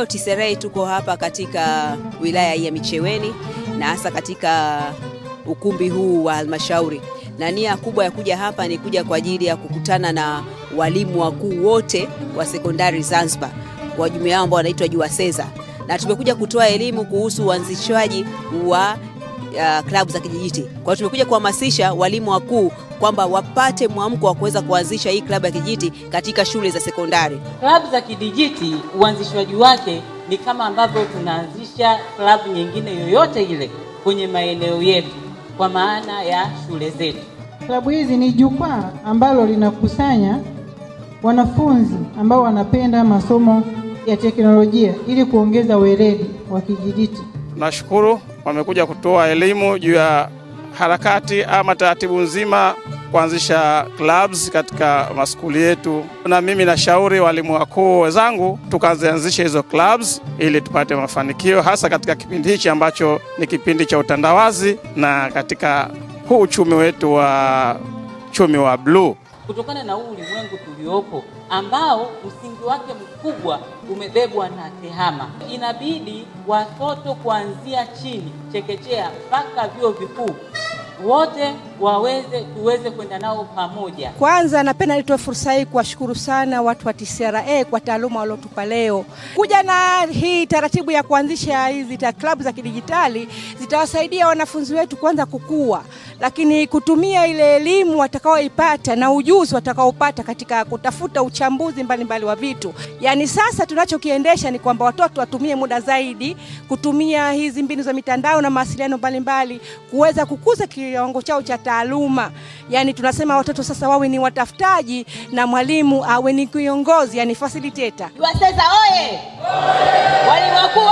Leo Tiserei tuko hapa katika wilaya ya Micheweni na hasa katika ukumbi huu wa halmashauri, na nia kubwa ya kuja hapa ni kuja kwa ajili ya kukutana na walimu wakuu wote wa sekondari Zanzibar wa jumuiya yao ambao wanaitwa JUASEZA, na tumekuja kutoa elimu kuhusu uanzishwaji wa uh, klabu za kijijiti. Kwa hiyo tumekuja kuhamasisha walimu wakuu kwamba wapate mwamko wa kuweza kuanzisha hii klabu ya kijiti katika shule za sekondari. Klabu za kidijiti uanzishwaji wake ni kama ambavyo tunaanzisha klabu nyingine yoyote ile kwenye maeneo yetu, kwa maana ya shule zetu. Klabu hizi ni jukwaa ambalo linakusanya wanafunzi ambao wanapenda masomo ya teknolojia ili kuongeza weledi wa kijiditi. Nashukuru wamekuja kutoa elimu juu ya harakati ama taratibu nzima kuanzisha clubs katika maskuli yetu, na mimi nashauri walimu wakuu wenzangu tukazianzisha hizo clubs ili tupate mafanikio, hasa katika kipindi hichi ambacho ni kipindi cha utandawazi na katika huu uchumi wetu wa uchumi wa bluu, kutokana na huu ulimwengu tuliopo ambao msingi wake mkubwa umebebwa na tehama. Inabidi watoto kuanzia chini chekechea mpaka vyuo vikuu wote waweze tuweze kwenda nao pamoja. Kwanza napenda nitoe fursa hii kuwashukuru sana watu wa TCRA kwa taaluma waliotupa leo. Kuja na hii taratibu ya kuanzisha hizi klabu za kidijitali zitawasaidia wanafunzi wetu kwanza kukua, lakini kutumia ile elimu watakaoipata na ujuzi watakaopata katika kutafuta uchambuzi mbalimbali mbali wa vitu. Yaani sasa tunachokiendesha ni kwamba watoto watumie muda zaidi kutumia hizi mbinu za mitandao na mawasiliano mbalimbali kuweza kukuza kiwango chao cha kitaaluma, yani tunasema watoto sasa wawe ni watafutaji na mwalimu awe ni kiongozi, yani facilitator. Waseza oye, oye! walimu wakuu